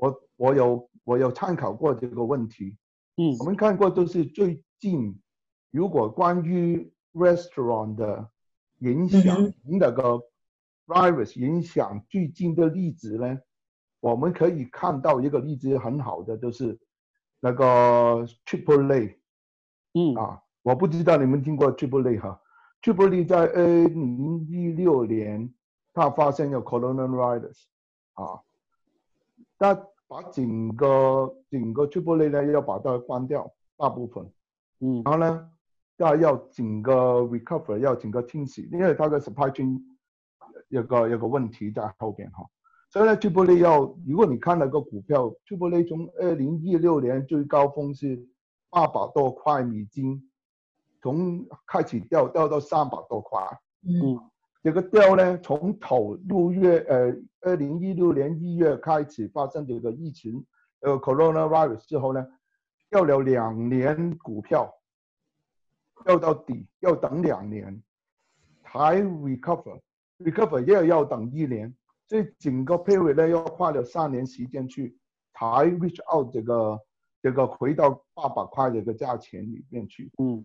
我我有我有參考過這個問題。嗯，我們看過就是最近，如果關於 restaurant 的影響，嗯，那個 virus 影響最近的例子呢，我們可以看到一個例子很好的，就是那個 Triple A，嗯，啊，我不知道你們聽過 Triple A 哈，嗯，Triple A 在2016年，它發現有 coronavirus，啊。但把整個整個 Chipotle 呢，要把它關掉大部分，嗯，然後呢，要要整個 recover，要整個清洗，因為它的 supply chain 有個有個問題在後邊哈，所以呢 Chipotle 要如果你看嗰個股票，Chipotle 從二零一六年最高峰是八百多塊美金，從開始掉掉到三百多塊，嗯。這個調呢，從頭六月，呃二零一六年一月開始發生這個疫情，呃 Coronavirus 之後呢，掉了兩年股票，調到底要等兩年，才 recover，recover 又要等一年，所以整個配位呢，要花了三年時間去，才 reach out 這個這個回到八百塊這個價錢裏面去，嗯。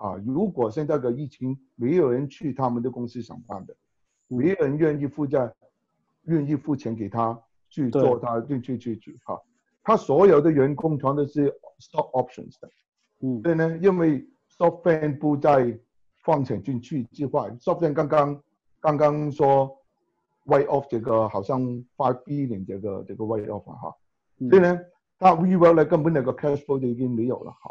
啊！如果現在的疫情，沒有人去他們的公司上班的，沒有人願意負債，願意付錢給他去做他進去進去。哈，他所有的員工全都是 stock options 的。嗯，所以呢，因為 SoftBank 不再放錢進去之外，SoftBank 剛剛剛剛說 write off 這個好像 five billion 這個這個 write off 哈、嗯。所以呢，他 WeWork 呢根本那個 cash flow 就已經沒有了。哈。